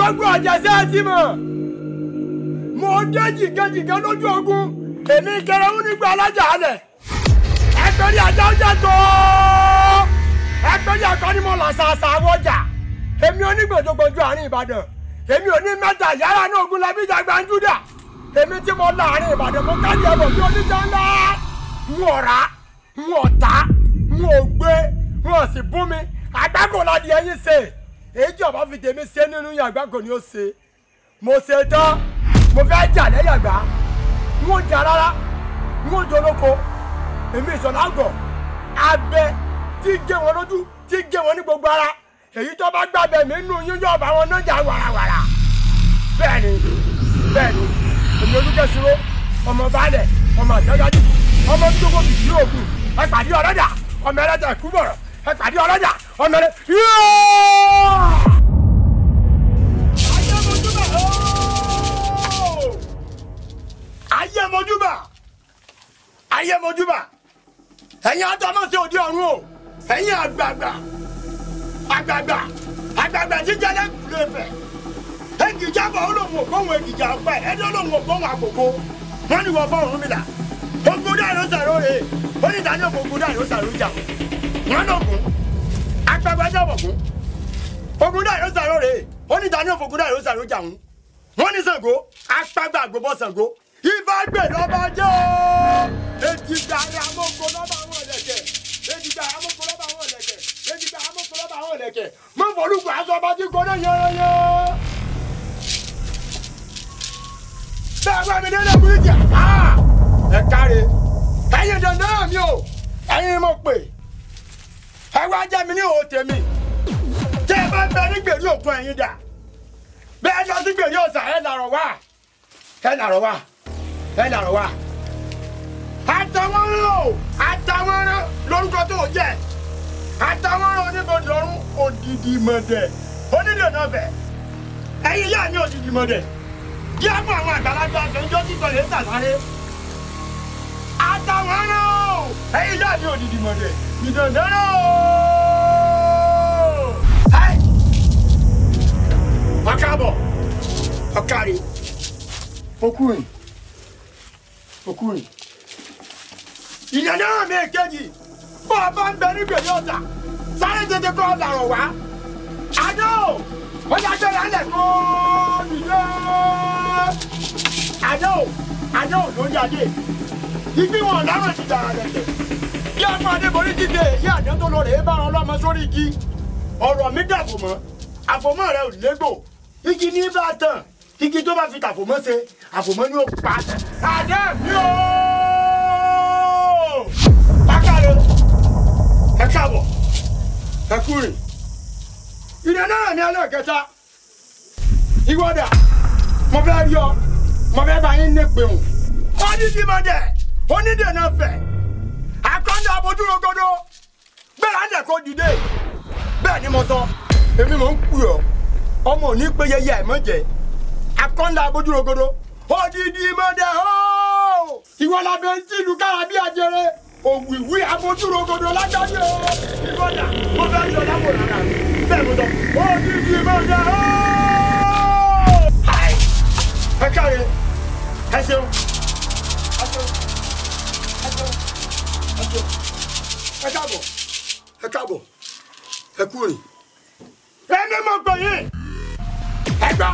gbogbo àjàṣe àti mọ̀ mo dé jìgẹ́jìgẹ́ lójú ogun èmi kẹrẹ́wù nígbà alájà alẹ̀ ẹgbẹ́rì ajá ọjà tó ẹgbẹ́rì akọni làṣàṣà àwọn ọjà èmi onígbòjògbòjò àárín Ìbàdàn èmi ò ní mẹ́ta yàrá náà ogun lẹ́bí ìjàgbá ń júdà èmi tí mo láàrin Ìbàdàn mo kájí ẹ̀bọ̀ bí oníjà ńlá ń ọ̀rá ń ọ̀tá ń ògbé ń ọ̀sìn bú mi àgbákò ládìí ẹyin ṣe èjì ọba fi tèmi ṣe nínú yàgbá kò ní ó ṣe mo ṣe tán mo fẹ́ jà lẹ́yàgbá n ò jà rárá n ò dolóko èmi ìṣọ̀lá àgọ̀ abẹ tí gé wọn lójú tí gé wọn ní gbogbo ara èyí tó bá gbàgbẹ́ mi nù yín yóò bá wọn náà jà wàràwàrà bẹ́ẹ̀ ni bẹ́ẹ̀ ni èmi olùkẹ́sirò ọmọ baálẹ̀ ọmọ àjọyọ̀ àdìgún ọmọ tó kò kìkì òògùn ẹ pàdé ọ̀rẹ́dà ọmọ ẹlẹ́dà kú bọ̀rọ̀ ẹ pàdé ọlọ́jà ọ̀nà rẹ̀ ayé mojúbà ayé mojúbà ẹ̀yin atọ́mọ̀sẹ̀ òde ọ̀run o ẹ̀yin àgbààgbà àgbààgbà àgbààgbà jíjẹ lẹ́kùn fẹ̀ ègìjà bọ̀ ó lòun ọ̀pẹ ẹ̀dọ́ lòun ògbóhùn àkókò wọ́n ní wọ́n fọ́ Ọ̀rúnmìlà ogun dáìró sàró rèé ó ní ìdájọ́ ogun dáìró sàró jà nánà ògùn agbẹgbẹjọ ògùn ogun dàrú sàrò rèé onídàáni òfògùn dàrú sàrò jà wọn ní Ṣàngó apágbà àgbòbọ Ṣàngó ifá gbè lọba jẹ o ètìgbà amóko lọba àwọn ọlẹkẹ ètìgbà amóko lọba àwọn ọlẹkẹ ètìgbà amóko lọba àwọn ọlẹkẹ mọ fọlùkù aṣọ ọba tí gbọdọ yẹrẹyẹ. bẹ́ẹ̀ bá mi délé kúrìjà ah! káre ẹ̀yin dandan mi o ẹ̀yin mo pè ẹ wá jẹ́ mi ní òun tèmi tẹ́ ẹ bá bẹ ní gbèrí òkun ẹ̀yìn dà bẹ́ẹ̀ lọ sí gbèrí ọ̀sà ẹ̀ làrọ̀ wá ẹ̀ làrọ̀ wá ẹ̀ làrọ̀ wá àtàwọn o àtàwọn lórúkọ tó jẹ àtàwọn oníbodòrún òdìdí mọdẹ onídènà fẹ ẹyin yá mi òdìdí mọdẹ kí á mú àwọn àgbàlagbà fẹjọ títọ lè tà sáré àtàwọn o ẹyin yá mi òdìdí mọdẹ ìdàndánà ẹ ọkàbọ ọkàrí okùnrin okùnrin ìdàndánà mi èkejì bó o bá ń bẹ ní gbèdé ọ̀tà sáré tètè kọ́ làrọ̀ wá àdó ó yà gbéra lẹ̀ kó dìde àdó àdó ló ń jáde ìgbìmọ̀ ọ̀daràn ti dàrà lẹ̀kẹ̀ kí a fún adébọlí dìde èyí àdán tó lọ rèé bá wọn lọmọ sórí igi ọ̀rọ̀ mi dàbò mọ́ àfòmọ́ rẹ ò légbò igi ní bá tàn igi tó bá fi tàfòmọ́ ṣe àfòmọ́ ni ó pa àdán mi ò pákàlẹ ẹ káàbọ̀ ẹ kúrin ìdè náà ní alẹ́ kẹta ìwọ́dà mo fẹ́ rí ọ mo fẹ́ bá yín ní pẹ̀hùn ó ní ti mọ̀ dẹ̀ ó ní dènà fẹ̀ abojúro godo gbéra ńlẹ̀ kó dìde bẹ́ẹ̀ ni mo sọ èmi mò ń pè ọmọ ò ní pé yẹyẹ àìmọ́jẹ akọ́ńdà odidi mọ́dẹ ó ìwọ làbẹ̀ ìlú kára bí ajere òwìwí abojúro godo lágbàdo ìwọ́dà mo fẹ́ yọ lápò rárá bẹ́ẹ̀ mo sọ odidi mọ́dẹ ó. ẹ káre ẹ ṣeun. ẹ káàbọ̀ ẹ káàbọ̀ ẹ kú rìn. èmi mo gbè yín ẹ gbà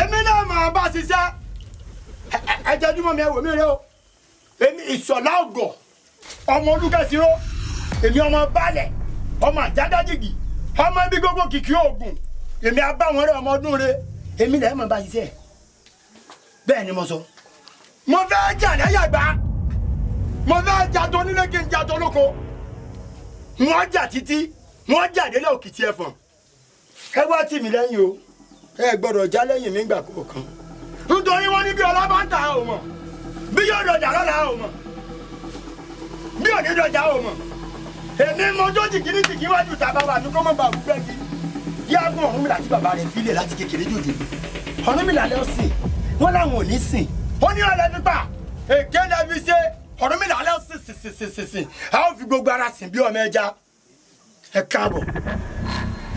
èmi náà mà bá ṣiṣẹ́ ẹ jẹ́júmọ́ mi ẹ wò mí rẹ o èmi ìṣọ̀lá ọ̀gọ̀ ọmọ olúkẹ́siró èmi ọmọ balẹ̀ ọmọ àjádájìgì ọmọ ibi gbogbo kìkì oògùn èmi abáwọn rẹ ọmọ ọdún rẹ èmi lẹ́ẹ̀ mọ̀ bá ṣiṣẹ́ bẹ́ẹ̀ ni mo sọ mo fẹ́ jà lẹ́yàgbá mo fẹ́ jàdó nílé kí n jàdó lóko wọ́n jà títí wọ́n jà délé òkìtì ẹ̀fọ̀n ẹ wá tì mí lẹ́yìn o ẹ gbọ́dọ̀ já lẹ́yìn mi gbà kọ̀ọ̀kan nítorí wọ́n ní bí ọlá bá ń ta ò mọ̀ bí yóò dọ̀jà lọ́la ò mọ̀ bí òní dọ̀jà ò mọ̀ èmi mo tó jìgì ní jìgì wájú ta bàbá mi kó mọ̀ bá wù gbẹ́gi yáàgùn Ọ̀rúnmìlà tí bàbá rẹ̀ fílẹ̀ láti kékeré jòjò Ọ̀rúnmìlà lọ sìn wọ́n láwọn ò ní sìn ó ní ọ̀lẹ́ fipá èké lẹ́bi ṣe Ọ̀rúnmìlà alẹ́ sìn sìn sìn sìn sìn a ó fi gbogbo ara sìn bí ọmọ ẹja ẹ káàbọ̀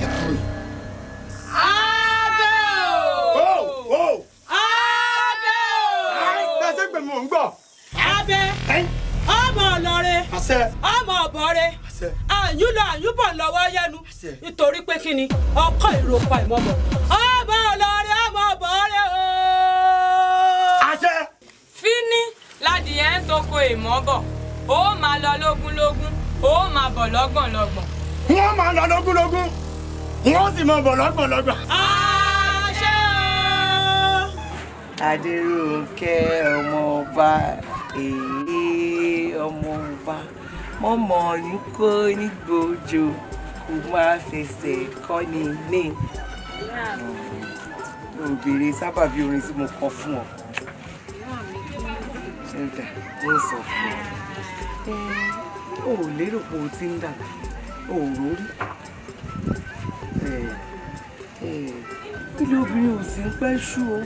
ẹ kúrò. adé o. o o. adé o. gbèsè gbèmí mò ń gbọ́. abẹ ọmọ ọlọrẹ ọmọ ọbọrẹ àyùnlọ àyùbọ lọ́wọ́ yẹnu nítorí pé kí ni ọkọ ìròpà ìmọbọ ọmọ ọlọrẹ ọmọ ọbọrẹ o. àṣẹ. fini ládìyẹ ń toko ìmọ́bọ̀ ó máa lọ lógúnlógún ó máa bọ̀ lọ́gbọ̀nlọ́gbọ̀n. wọ́n máa lọ lógúnlógún wọ́n sì máa bọ̀ lọ́gbọ̀nlọ́gbọ̀n. àṣẹ. adéròkè ọmọọba èyí ọmọọba mọ́mọ́ ọ̀yún kó nígbòjò kò máa fẹsẹ̀ kọ́ni ní. obìnrin sábàbí orin tí mo kọ fún ọ ǹdà ń sọ fún ọ ò lérò pé o ti ń dàgbà ò rórí ilé obìnrin ò sí ń pẹ́ ṣú o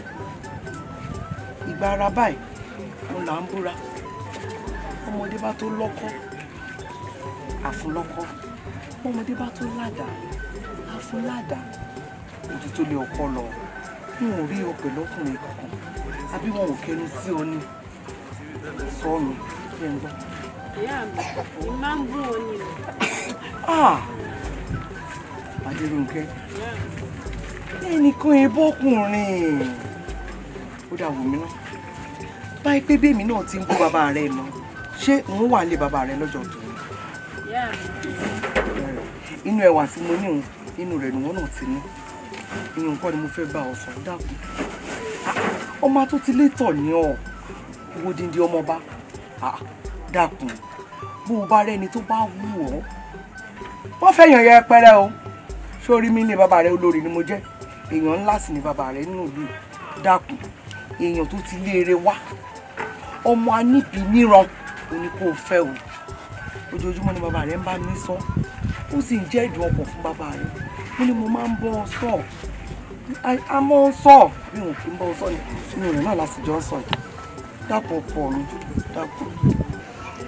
ìgbà ara báyìí mo là ń búra ọmọdé bá tó lọ́kọ́ àfúnlọ́kọ́ ọmọdé bá tó ládàá àfúnládàá òtún tó lé ọkọ lọ wọn ò rí ọ pẹ̀lú ọkùnrin kankan àbí wọn ò kẹnu sí ọ ni sọnù kí n gbọ́. ìyá mi ni máa ah. ń bú wọn ni. Adérónkẹ́ ẹnìkan ebókùnrin ó dà wò mí náà báyìí pé bèmí náà ti ń bú bàbá rẹ nà ṣé n ó wà lé bàbá rẹ lọ́jọ́ tó ní. inú ẹwà tí mo ní òun inú rẹ nìwọ náà ti ní inú ni mo fẹ́ bá ọ sọ dákun ah, ọmọ tó ti lè tọ̀ ní ọ̀ wo dindi ọmọba dákun bó o bá rẹni tó bá wù ọ́ wọ́n fẹ̀yàn yẹ pẹ́rẹ́ o sórí mi ní bàbá rẹ olórí ni mo jẹ́ èèyàn ńlá sì ni bàbá rẹ nínú ìlú dákun èèyàn tó ti léere wá ọmọ aníbi níran òní kò fẹ́ o ojoojúmọ́ ni bàbá rẹ ń bá mi sọ ó sì ń jẹ́ ìdùn ọkàn fún bàbá rẹ mo ní mo máa ń bọ́ sọ àmọ́ sọ bí wọn kì í bọ́ sọ ni mi ò rẹ̀ náà lásìjọ́ sọ yìí dàpọ̀ pọ̀ mi dàpọ̀.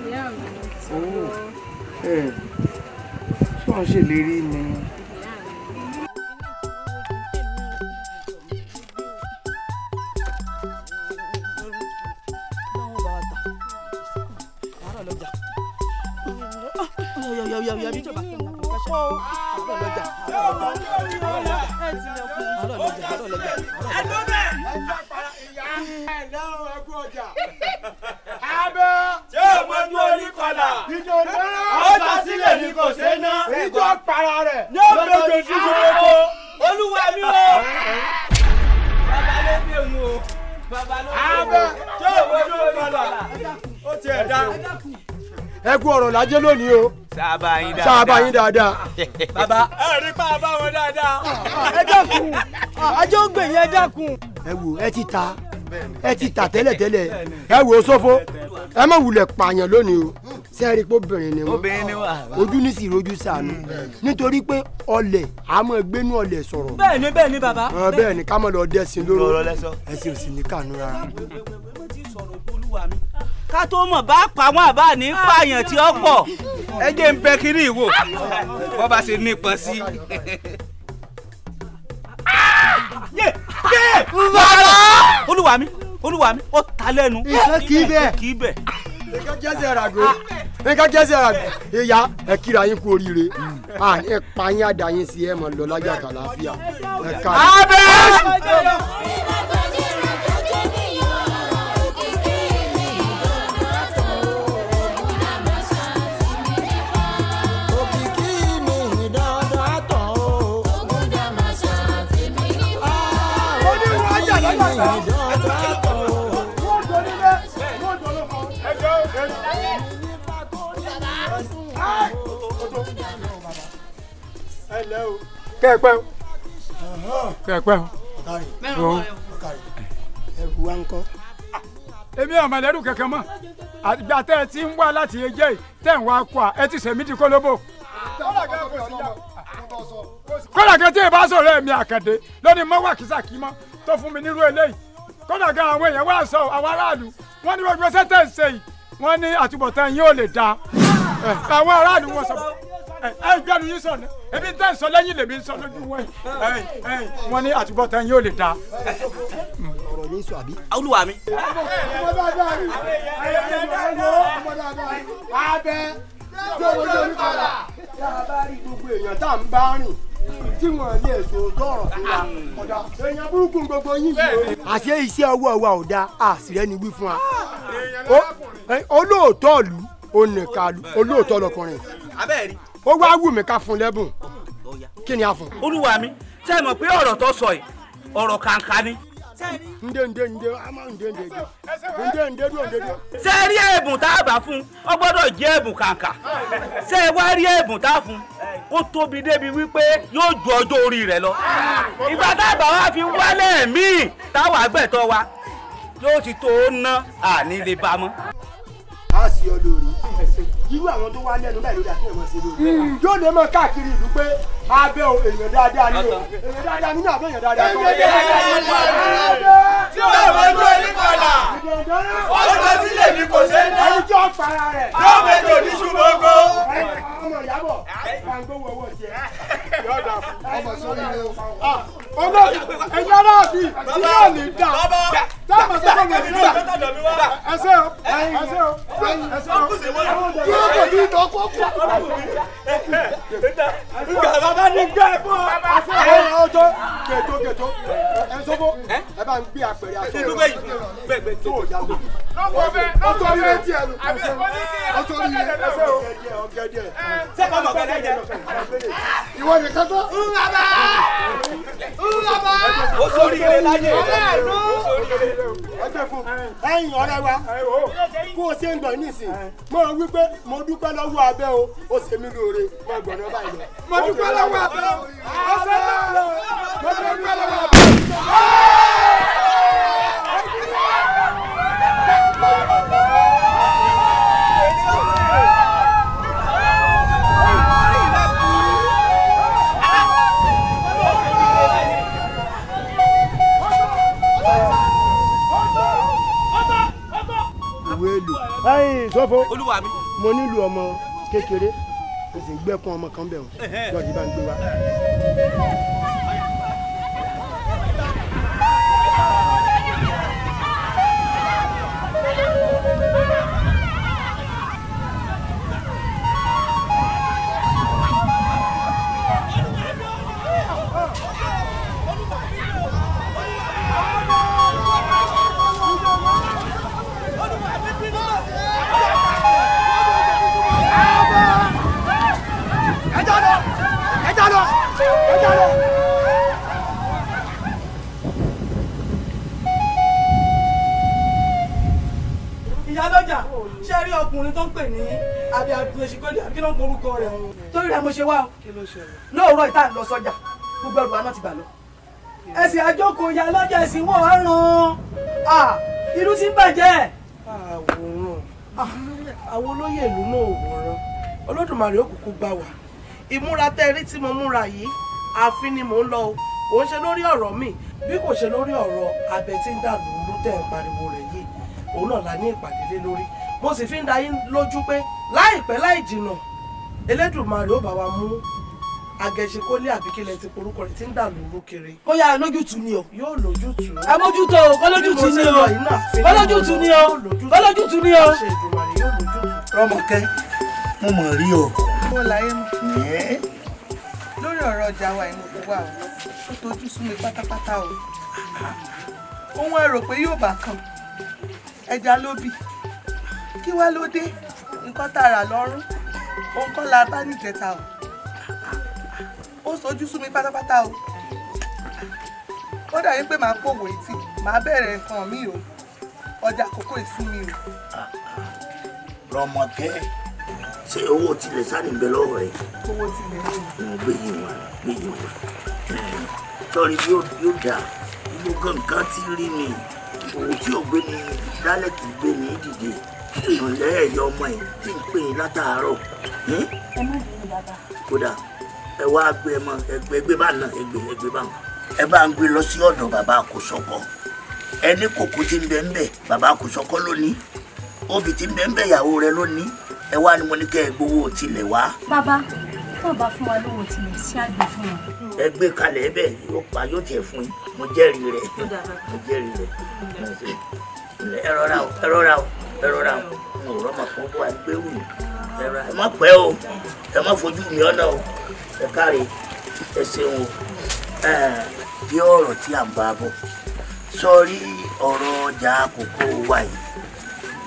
ìyá mi ti wọ́n. ṣé wọ́n ṣèlérí ni. lajẹ lónìí o. sábà yín dáadáa sábà yín dáadáa. bàbá ẹ rí pa bá wọn dáadáa. ẹ dákun ajọ́ ń gbèyìn ẹ dákun. ẹ wo ẹ ti ta ẹ ti tà tẹ́lẹ̀tẹ́lẹ̀ ẹ wò ó ẹ má wulẹ̀ pààyàn lónìí o ṣe é rí pé obìnrin ni wọn ojú ní sì rojú sànù nítorí pé ọlẹ̀ a máa gbénú ọlẹ̀ sọ̀rọ̀. bẹ́ẹ̀ni bẹ́ẹ̀ni bàbá. bẹ́ẹ̀ni ká má lọ dẹ́sìn lóró ẹ̀sìn òsì ní kànú rárá ká tó mọ̀ bá pa wọn àbá ní pààyàn tí ó pọ̀ ẹ jẹ́ ń bẹ kiri ìwò bọ́ bá ṣe nípọn sí. bàbá olúwa mi olúwa mi ó ta lẹ́nu nǹkan kì í bẹ́ẹ̀ kì í bẹ́ẹ̀. nǹkan jẹ́sẹ̀ ràgó nǹkan jẹ́sẹ̀ ràgó ìyá ẹ kíra yín kú oríire ẹ pa yín àdá yín sí ẹ mọ̀ lọ kàlàáfíà ẹ ká. abẹ́rẹ́. kẹ́ẹ̀pẹ́ o kẹ́ẹ̀pẹ́ o ẹ̀rù wa ń kọ́. èmi ọmọ ẹlẹ́rù kẹ̀kẹ́ mọ̀ àgbà tẹ́ ẹ ti ń wá láti ẹjẹ́ yìí tẹ́ ń wá kọ́ ẹ ti sẹ̀mí di kólóbò. kọ́lá kẹ́tí ìbá sọ̀rọ̀ ẹ̀mí àkàndé lónìí mọ́wá kìsà kí mọ́ tó fún mi nírú eléyìí kódà gan àwọn èèyàn wá sọ àwọn aráàlú wọn ní gbogbo sẹ́tẹ̀ ń ṣe yìí wọn ní àtúbọ̀tán yín ò lè da àwọn aráàlú wọn sọ ẹ gbẹnu yín sọ ebi tẹ́ ń sọ lẹ́yìn lèmi ń sọ lójú wọn wọn ní àtúbọ̀tán yín ò lè da. ọ̀rọ̀ yín sọ àbí. olúwa mi. ọmọ dáadáa rí ọmọ dáadáa rí abẹ tí o wọlé orí kọlà tí a bá rí gbogbo èèyàn tá à ń bá rìn tí wọ́n lè so dọ́rọ̀ fúnra ọ̀dà èèyàn burúkú gbogbo yín yìí. àṣé iṣẹ́ ọwọ́ wa ò dáa àṣìrẹ́ ni wí fún wa ah! olóòótọ́ ìlú onìkàlù olóòótọ́ lọkùnrin ó wá wù mí ká fún lẹ́bùn kí ni a fún. olúwa mi ṣe é mọ̀ pé ọ̀rọ̀ tó sọ yìí ọ̀rọ̀ kàǹkà ni ǹdẹ ǹdẹ ǹdẹ a máa ǹdẹ ǹdẹ jẹ ǹdẹ ǹdẹ dúró ǹdẹ dúró. ṣé rí ẹ̀bùn tá a bá fún ọ gbọ́dọ̀ jẹ́ ẹ̀bùn kàǹkà ṣé wá rí ẹ̀bùn tá a fún kó tóbi débi wípé yóò ju ọjọ́ orí rẹ̀ lọ. ìgbà tá a bá wá fi wálẹ̀ míì táwa gbẹ̀tọ̀ wa yóò ti tó ná àní lè a sì ọ lórí irú àwọn tó wá lẹ́nu báyìí ló dà kí ẹ̀ mọ̀ sí hmm. yóò lè mọ káàkiri ìlú pé abẹ́ o èèyàn dáadáa ni o èèyàn dáadáa nínú àbẹ́ èèyàn dáadáa tó wọ́n. èèyàn dáadáa ni wọ́n tí ó mọ inú ẹni padà wọ́n lọ sílẹ̀ ní kò ṣe ná. ẹni tí ó para rẹ̀. yóò mẹ́jọ ní ṣùgbọ́gbọ́. ọmọ ìyàbọ̀ gbàngbówó owó tiẹ̀ yóò dà fún. ọmọ sórí ilé o. Ah, ọmọ ẹ̀yìn aláàbí tí yóò ní dà táwọn sọ fún mi nígbà ẹsẹ o ẹsẹ o ẹsẹ o dúró kò ní ìtọ́ kó kú. nígbà bàbá ní gbẹ́ fún ọ. ẹ ọ tó kètò kètò ẹ sọ́fọ́ ẹ bá ń gbé àpẹẹrẹ aṣọ rẹ. ìdúgbò yìí gbẹgbẹ tó o yàgò. lọ́wọ́ bẹ lọ́wọ́ bẹ ọtọ ni yẹ ẹsẹ o ọgẹdẹ. sẹ́kọ̀ ọmọ ọ̀gẹ̀dẹ̀ jẹ. ìwọ ni kátó. ń bàbá ń bàbá. ó sọ orí ilé láyé. ọlọ́run ẹ̀yin ọ̀rẹ́ wa kó o ṣe ń gbọ́ nísìn mo wí pé mo dúpẹ́ lọ́wọ́ abẹ́ o ó ṣe mí lóore mo gbọ́ náà báyìí lọ. mo dúpẹ́ lọ́wọ́ abẹ́ o ó ṣe mí lóore mo dúpẹ́ lọ́wọ́ abẹ́ o. ẹyìn sọfọ olúwa mi mo nílò ọmọ kékeré mo sì gbẹkun ọmọ kan bẹ̀ wọ́n lọ́ọ̀dì bá ń gbé wa. lọ́wọ́ ìta ń lọ sọ́jà gbogbo ẹrù wa náà ti gbà lọ. ẹsìn àjókòó ya lọ́jà ẹ̀sìn wọ́n á ràn irú sí bàjẹ́. àwòrán àwọn olóyè ìlú náà ò wòran olódùmarè òkùnkùn gbà wá ìmúra tẹ́rí tí mo múra yìí ààfin ni mò ń lọ o kò ń ṣe lórí ọ̀rọ̀ mi bí kò ṣe lórí ọ̀rọ̀ abẹ tí ń dàlú ló tẹ̀ ń pariwo rẹ̀ yìí òun náà la ní ìpàdé lé lórí mo sì fi ń da yín lójú pé láìpẹ́ láì jìnnà elédùmarè ó bá wa mú agẹṣekólé àbíkílẹ̀ ti porúkọ rẹ̀ tí ń dà lóru kiri. ó ni o. yóò lójútù. ẹ mójútó o kó ni o kó ni o kó ni o. rọmọkẹ́ mo mọ̀ rí o. mo láyé mu. lórí ọ̀rọ̀ ọjà wa ìmọ̀ fún wa o ó tojú sú mi pátápátá o òun ẹ rò pé yóò bá kan ẹja ló bì kí wá ló dé nǹkan tààrà lọ́rùn òun kọ́ la bá nìjẹta o ó sojú sú mi pátápátá o ó dàbí pé màá pòwò etí màá bẹ̀rẹ̀ nǹkan mi o ọjà àkókò ìsinmi o. rọmọkẹ́ ṣe owó tilẹ̀ sáré ń bẹ lọ́wọ́ rẹ̀. owó tilẹ̀ ló ń gbé yìí wà gbé yìí wà sọ́rí yóò dà gbogbo nǹkan ti rí mi òun tí ò gbé ni dálẹ̀ kì í gbé ni dìde ìrànlẹ́ ẹ̀yọ ọmọ ẹ̀ tí ń pè é látàárọ̀. Hm? ẹ má bínú bàbá. kódà ẹ wá gbé mọ ẹgbẹ ẹgbẹ bá nà ẹgbẹ ẹgbẹ bá wọn ẹ bá ń gbé lọ sí ọ̀dọ̀ bàbá àkósọkọ ẹ ní kòkó tí ń bẹ ń bẹ bàbá àkósọkọ lónìí obì tí ń bẹ ń bẹ ìyàwó rẹ lónìí ẹ wá ní mo ní kẹ ẹ gbowó tilẹ̀ wá. bàbá tó bá fún wa lówó tilẹ̀ sí àgbẹ̀ fún wa. ẹ gbé kalẹ̀ ẹ bẹ́ẹ̀ yóò pa yóò tiẹ̀ fún yín mo jẹ́rìí rẹ̀ mo jẹ́rìí rẹ̀ ẹ rọra o ẹ rọra o ẹ rọra o mo rọ́ọ̀mà ẹ má pẹ́ o ẹ má fojú mi ọ̀nà o ẹ káre ẹ ṣeun o bí ọ̀rọ̀ tí à ń bá bọ̀ sọrí ọ̀rọ̀ ọjà àkókò wa yìí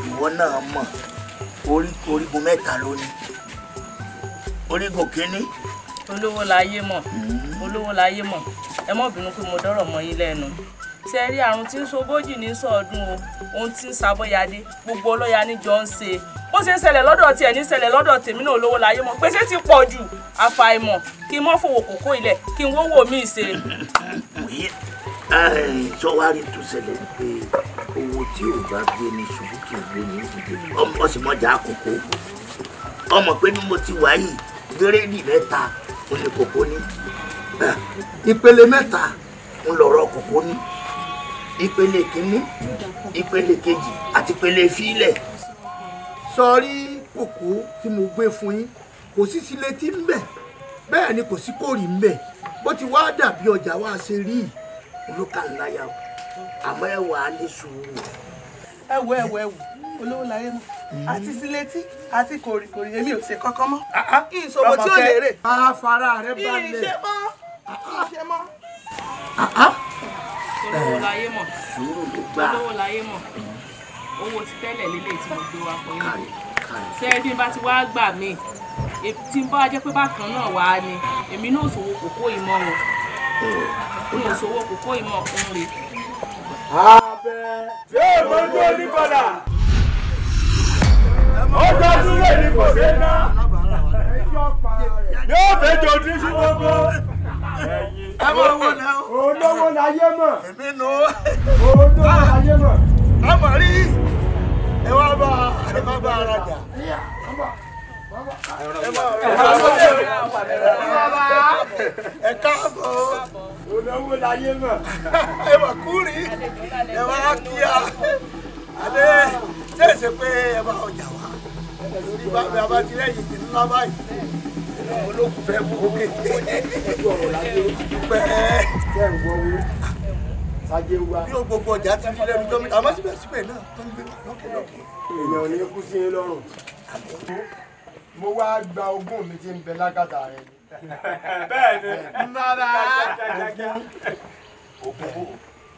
ìwọ náà mọ̀ orígun mẹ́ta ló ní orígun kínní. olówó láyé mọ̀ hmm. olówó láyé mọ̀ ẹ má bínú pé mo dọ́rọ̀ mọ́ yín lẹ́nu ṣe rí àrùn tí ń ṣogójì ní sọ̀ọ́dún o ohun tí ń ṣàbọ̀yadé gbogbo ọlọ́ya níjọ ń ṣe bó ṣe ń ṣẹlẹ̀ lọ́dọ̀ tiẹ̀ ní ṣẹlẹ̀ lọ́dọ̀ tèmi náà olówó láyé mọ́ pèsè ti pọ̀ jù àfàìmọ̀ kí n mọ́ fòwò kókó ilẹ̀ kí n wówó mi ṣe. sọ́wárí tó ṣẹlẹ̀ pé owó tí ò bá gbé ní ṣubú kì í gbé ní ìdílé ọmọ sì mọ́jà àkókò ọmọ pé bí mo ti wáyé gírèdì mẹ́ta mo ní kókó ní ìpele mẹ́ta ń lọ̀rọ̀ kókó ní ìpele kìíní ìpele kejì àti ìpele fílẹ̀ sọrí kòkó tí mo gbé fún yín kò sí sí létí ń bẹ̀ bẹ́ẹ̀ ni kò sí kórì ń bẹ̀ bó ti wá dàbí ọjà wa ṣe rí olùkànláyà àmọ́ ẹ wà á ní sùúrù. ẹ wo ẹ wo ẹ wo olówó láyé mọ àti sí létí àti kòrìkòrì èmi ò ṣe kankan mọ́ ìṣòwò ah, ah, tí ò lérè. a fara rẹ balẹ̀. ìṣe mọ́ ìṣe mọ́. Ah, olówó láyé mọ̀ olówó láyé mọ̀ owó ti tẹ́lẹ̀ lélẹ̀ tí mo gbé wa fún yín sẹ́ẹ̀dí bá ti wá gbà mí tí n bá jẹ́ pé bákan náà wà á ni èmi náà sòwò kókó ìmọ̀ wọn mi ò sòwò kókó ìmọ̀ ọ̀hún rè. abẹ tí ó mọjú onípadà ó tọ́jú lè ní kò dé ná yóò fẹjọ ojú sí gbogbo ẹ mọ owó náà. olówó láyé mọ̀. èmi nù. olówó láyé ah. mọ̀. ọmọ rí ẹ wá bá ẹ má bá ara jà. ẹ káàbọ̀ olówó láyé mọ̀. ẹ wà kúrì ẹ wá kíá adé ṣèṣe pé ẹ bá ọjà wá lórí bá bẹ abatilẹyìn ńlá báyìí àwọn mo wá gba ogún mi tí ń bẹ lágàtà rẹ. bẹ́ẹ̀ni nara ògùn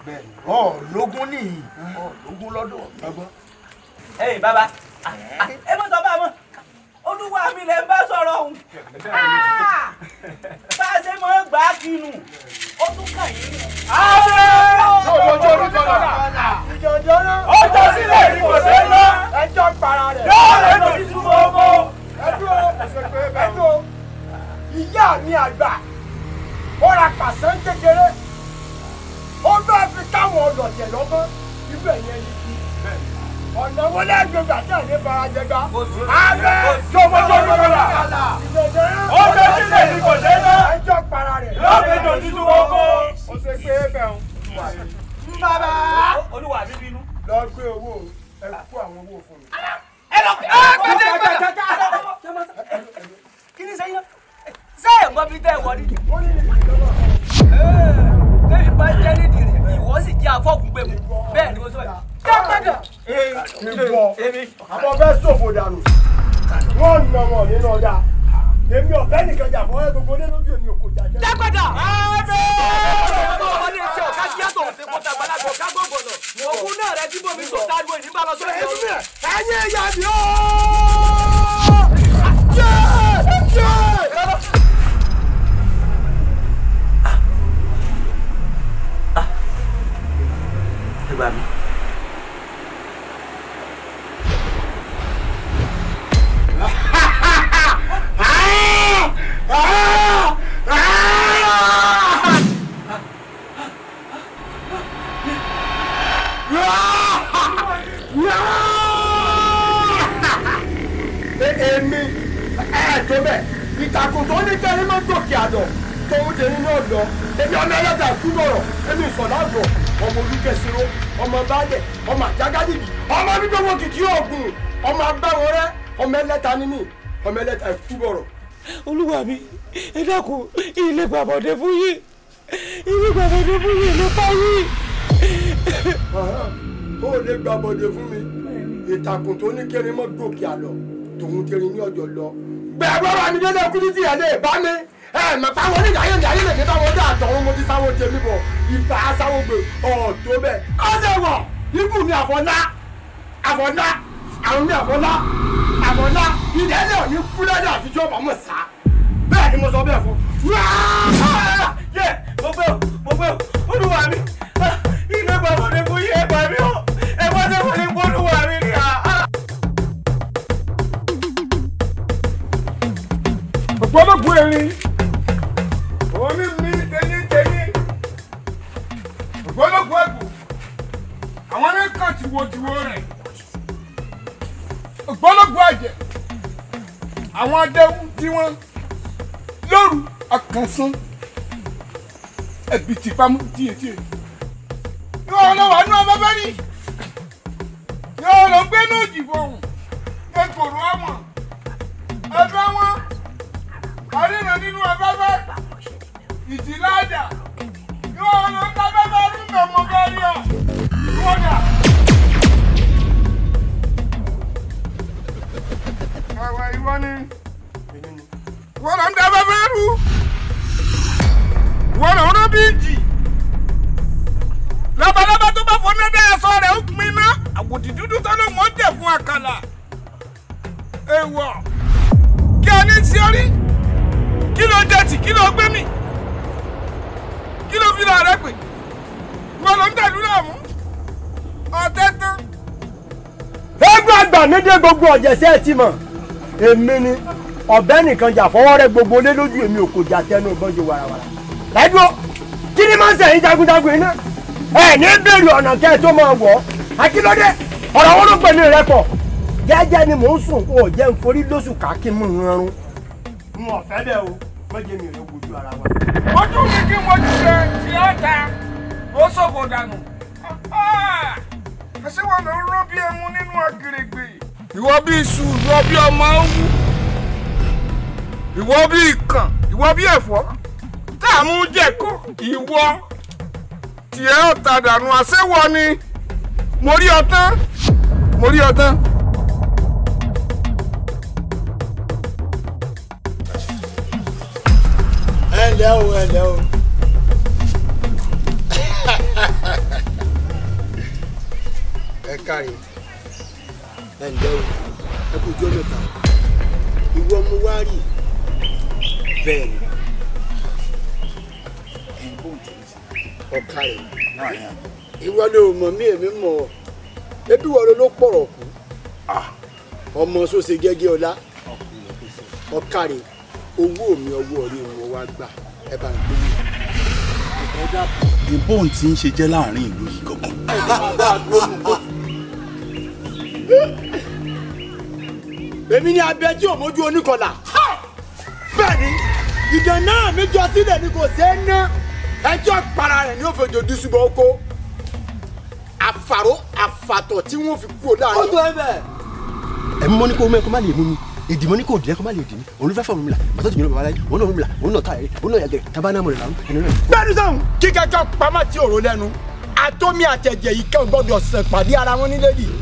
bẹ́ẹ̀ni ọlógún nìyí ọlógún lọ́dọ̀ ọgbọn. ẹ̀yin bàbá ẹ mọ sọ bá a mọ olúwa mi lè ń bá sọ̀rọ̀ òun ah! bá a ṣe mọ́ gbà á kinu ó tún kàn yín nù. jòjòjò orúkọ náà jòjòjò náà ó jọ sílẹ̀ ní kò sí lọ ẹjọ́ para rẹ̀ yóò rẹ̀ lọ sí gbogbo. ẹdúró ẹdúró ìyá mi àgbà ó ra pàṣán kékeré ó bá fi káwọn ọlọ́jẹ̀ lọ́gbọ́n ibẹ̀ yẹn ni kí ọ̀nà wo lẹ́gbẹ̀ẹ́ gbà tí àyè farajẹ gbà. ààrẹ tó mo tó mi kọ́lá. ó fẹ́ sílẹ̀ ní kò dé ná. ẹjọ́ para rẹ̀. lọ́ọ̀dẹ tó ti tún wọ́n kó. o ṣe pé bẹ́ẹ̀ ń. bàbá. olúwa mi bínú. lọ gbé owó ẹ kó àwọn owó fún mi. ẹ lọ pé ẹ pé ẹ pé kí ni sẹ́yìn ṣé ẹ̀ mọ bí tẹ́ ẹ wọlé. ó ní ìdílé náà. tẹ́mi bá jẹ́ nídìí rẹ̀ ìwọ sì jẹ́ afọ́kùngbẹ̀mù bẹ́ẹ̀ ni mo sọ yìí ìbọ̀ àbọ̀ bẹ́ẹ̀ sòfò dànù wọ́n nà wọ́n nínú ọjà èmi ọ̀fẹ́ nìkan jà fún ẹ gbogbo nínú bí èmi òkò jà jẹ́. dágbàdà ẹgbẹ́ ọmọ ní iṣẹ́ ọ̀ká sí yàtọ̀ ọ̀sẹ̀ pọ̀tà àgbàlagbọ̀ ká gbọ̀gbọ̀nà òkun náà rẹ bíbọ̀ mi sọ táwọn ènìyàn bá lọ sórí ọ̀rọ̀. ẹ̀yin ẹ̀yà mi ó. ẹ gbà mí. tó bẹ́ẹ̀ ìtàkùn tó ní kẹrin máa gòkè àdọ̀ tóun tèmi náà lọ èmi ọmọ ẹlẹ́dà kúbọ̀rọ̀ èmi ìsọ̀lá àgbọ̀ ọmọ olùkẹsìrò ọmọ baálẹ̀ ọmọ àjàgádìbì ọmọ abídọ́wọ́ kìkì ọ̀gùn ọmọ abáwọrẹ́ ọmọ ẹlẹ́ta níní ọmọ ẹlẹ́ta ìkúbọ̀rọ̀. olúwa mi ẹ dákun ilé gbàbọ̀dé fún yìí ilé gbàbọ̀dé fún yìí ló pa yìí. ó lè gbàbọ̀dé fún mi ìtàkùn tó ní kéré mọ́ gòkè àlọ́ tòun tèrè ní ọjọ́ lọ gbẹ̀gbọ́rọ̀ mi délé kúrú tí ẹ lè bá mi ẹ mọ̀ táwọn onídàáyé ní ayé lè ní báwọn dé àtọ̀run mo ti sáwọ́ tèmi bọ̀ ìfà sáwọ́ gbè ọ̀tọ́ bẹ́ẹ̀ ó ṣe wọ̀ ibù mi àfọ̀nà àfọ̀nà àrùn mi àfọ̀nà àfọ̀nà ìdẹ́lẹ̀ ò ní kú lẹ́dọ̀ àfijọ́ bàmọ̀ sá. pamọ́ tiye tiye ìwọ ọlọ́wà nú abẹ́fẹ́ ni yóò lọ gbé ní òjìbò ọ̀hún ekòrò ọmọ ẹgbẹ́ wọn àríran nínú abẹ́fẹ́ ìtìláàjà yóò lọ dábẹ́fẹ́ nínú ọmọ bẹ́ẹ̀rì ọ̀ kódà. ẹ̀wẹ̀ ìwọ ni wọ́n lọ ń dábẹ́fẹ́ rú wọ́n lọ ń rọ́bìnjì àfọ̀nẹ́dá aṣọ rẹ̀ ó gbiná àwòdì dúdú tó ló jẹ̀ fún àkàlà. èèwọ̀ kí a ní sí orí kí ló jẹ tì kí ló gbé mi kí ló fi ra rẹ pè wọn ló ń dàlú láàmú ọtẹ tán. eégún àgbà mi dé gbogbo ọ̀jẹ̀sẹ̀ ẹ̀ ti mọ̀ èmi ni ọ̀bẹ nìkan jà fọwọ́ rẹ gbogbo lé lójú èmi ò jà tẹnu ìbọn wàràwàrà. láìdúró kí ni máa ń sẹ̀yìn jagunjagun yìí ẹ ní bèrè ọ̀nà kẹ́ ẹ tó máa wọ̀ akílódé ọ̀rọ̀ wọn ló pẹ̀lú rẹ ni mò ń sùn kó o jẹ́ nfori lóṣù káàkiri mú un rọrùn. n ò fẹ́ o méje mi ò lè wojú ara wa. mo ti ṣe ti ọ̀tá ó ṣòfò dànù. àṣé wọn lọ rọ bí ẹmu nínú àgèrègbè. ìwọ bí iṣu ìwọ bí ọmọ wú ìwọ bí ìkàn ìwọ bí tá a mú ìwọ. tí ẹ ọ̀tá dànù àṣẹwọ ni mo rí ọ tán mo rí ọ tán. ẹ ǹlẹ́ o ẹ o. ẹ káre ẹ o ẹ kú jọ́ mẹ́ta ìwọ mo wá rí bẹ́ẹ̀ ni. ọ̀kàrẹ̀ ìwọ ni ò mọ̀ mí èmi mọ̀ ọ́ ebi wọ́n ló pọ̀rọ̀ kú ah. ọmọ sọ́sẹ̀ gẹ́gẹ́ ọlá ọ̀kàrẹ̀ owó mi ọwọ́ rí wọn wá gbà ẹ bá ń gbé mi. ìbò ń ti ń ṣe jẹ́ láàrin ìlú yìí gangan. èmi ni abẹ tí ò mójú oníkọlà bẹ́ẹ̀ ni náà mi jọ sílẹ̀ ni kò ṣeé ná ẹjọ́ para rẹ̀ ní òfòjò dùsùbọ̀ oko àfàró àfàtọ̀ tí wọ́n fi kú ọ̀dà rẹ̀. ó tó ẹ bẹ́ẹ̀. ẹ̀mí mọ́ ní kó mẹ́kọ́ má lè mú mi èdè mọ́ ní kò dìrẹ́ kó má lè dì mí òun ló fẹ́ fọ̀rọ̀ mi là bàtà tìjọ́ bàbá láyé òun náà mi là òun náà táyà rẹ̀ òun náà yàgẹ̀rẹ̀ tábà náà mọ̀rẹ̀ làwọn ẹni náà. bẹ́ẹ̀ni sọhùn kí kẹkẹ pamọ́ tí òró lẹ́nu atomi àtẹjẹ yìí kẹ gbọ́dọ̀ sàn pàdé ara wọn nílé yìí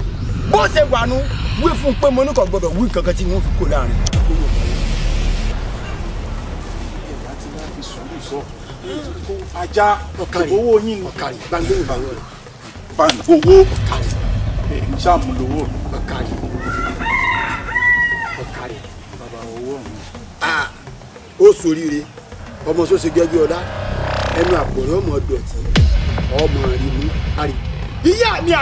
bó ṣe wà nú wí fún pé mo ní kò gbọ́dọ̀ wí kankan tí wọn fi kó láàrin. ajá owó yín ni ọ̀kàrì gbàngbẹ́rù bàwọ̀ rẹ̀. gbàngbowó ọ̀kàrì èyí sàmúlówó ọ̀kàrì ọ̀kàrì bàbá owó ọ̀hún. ó ṣoríire ọmọ sọ́sẹ̀ gẹ́gẹ́ ọ̀dá ẹnu àpòrẹ́ ọmọ ọdọ̀tí ọmọ rìmú àrí. ìyá mi à